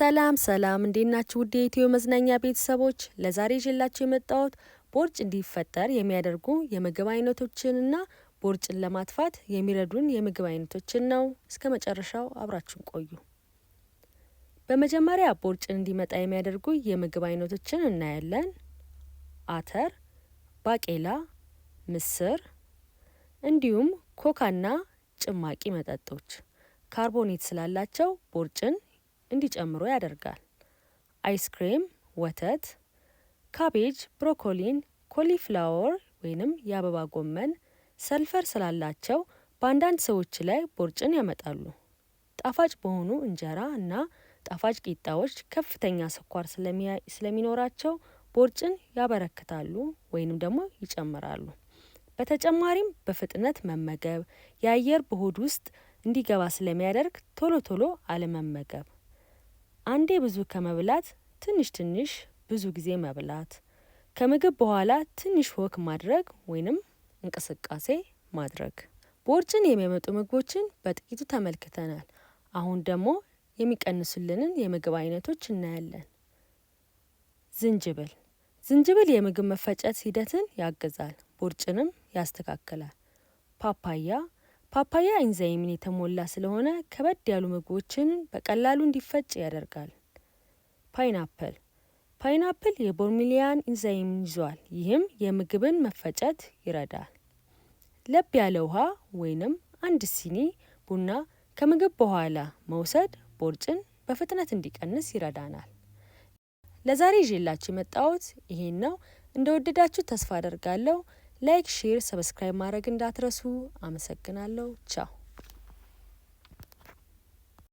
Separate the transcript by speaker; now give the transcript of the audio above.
Speaker 1: ሰላም ሰላም እንዴት ናችሁ? ውድ የኢትዮ መዝናኛ ቤተሰቦች ለዛሬ ይዤላችሁ የመጣሁት ቦርጭ እንዲፈጠር የሚያደርጉ የምግብ አይነቶችንና ቦርጭን ለማጥፋት የሚረዱን የምግብ አይነቶችን ነው። እስከ መጨረሻው አብራችሁን ቆዩ። በመጀመሪያ ቦርጭን እንዲመጣ የሚያደርጉ የምግብ አይነቶችን እናያለን። አተር፣ ባቄላ፣ ምስር እንዲሁም ኮካና ጭማቂ መጠጦች ካርቦኔት ስላላቸው ቦርጭን እንዲጨምሩ ያደርጋል። አይስክሬም፣ ወተት፣ ካቤጅ፣ ብሮኮሊን፣ ኮሊፍላወር ወይንም የአበባ ጎመን ሰልፈር ስላላቸው በአንዳንድ ሰዎች ላይ ቦርጭን ያመጣሉ። ጣፋጭ በሆኑ እንጀራ እና ጣፋጭ ቂጣዎች ከፍተኛ ስኳር ስለሚኖራቸው ቦርጭን ያበረክታሉ ወይንም ደግሞ ይጨምራሉ። በተጨማሪም በፍጥነት መመገብ፣ የአየር በሆድ ውስጥ እንዲገባ ስለሚያደርግ ቶሎ ቶሎ አለመመገብ አንዴ ብዙ ከመብላት ትንሽ ትንሽ ብዙ ጊዜ መብላት፣ ከምግብ በኋላ ትንሽ ወክ ማድረግ ወይንም እንቅስቃሴ ማድረግ። ቦርጭን የሚያመጡ ምግቦችን በጥቂቱ ተመልክተናል። አሁን ደግሞ የሚቀንሱልንን የምግብ አይነቶች እናያለን። ዝንጅብል ዝንጅብል የምግብ መፈጨት ሂደትን ያግዛል፣ ቦርጭንም ያስተካክላል። ፓፓያ ፓፓያ ኢንዛይምን የተሞላ ስለሆነ ከበድ ያሉ ምግቦችን በቀላሉ እንዲፈጭ ያደርጋል። ፓይናፕል ፓይናፕል የቦርሚሊያን ኢንዛይምን ይዟል፣ ይህም የምግብን መፈጨት ይረዳል። ለብ ያለ ውሃ ወይንም አንድ ሲኒ ቡና ከምግብ በኋላ መውሰድ ቦርጭን በፍጥነት እንዲቀንስ ይረዳናል። ለዛሬ ይዤላችሁ የመጣሁት ይሄን ነው። እንደወደዳችሁ ተስፋ አደርጋለሁ። ላይክ፣ ሼር፣ ሰብስክራይብ ማድረግ እንዳትረሱ። አመሰግናለሁ። ቻው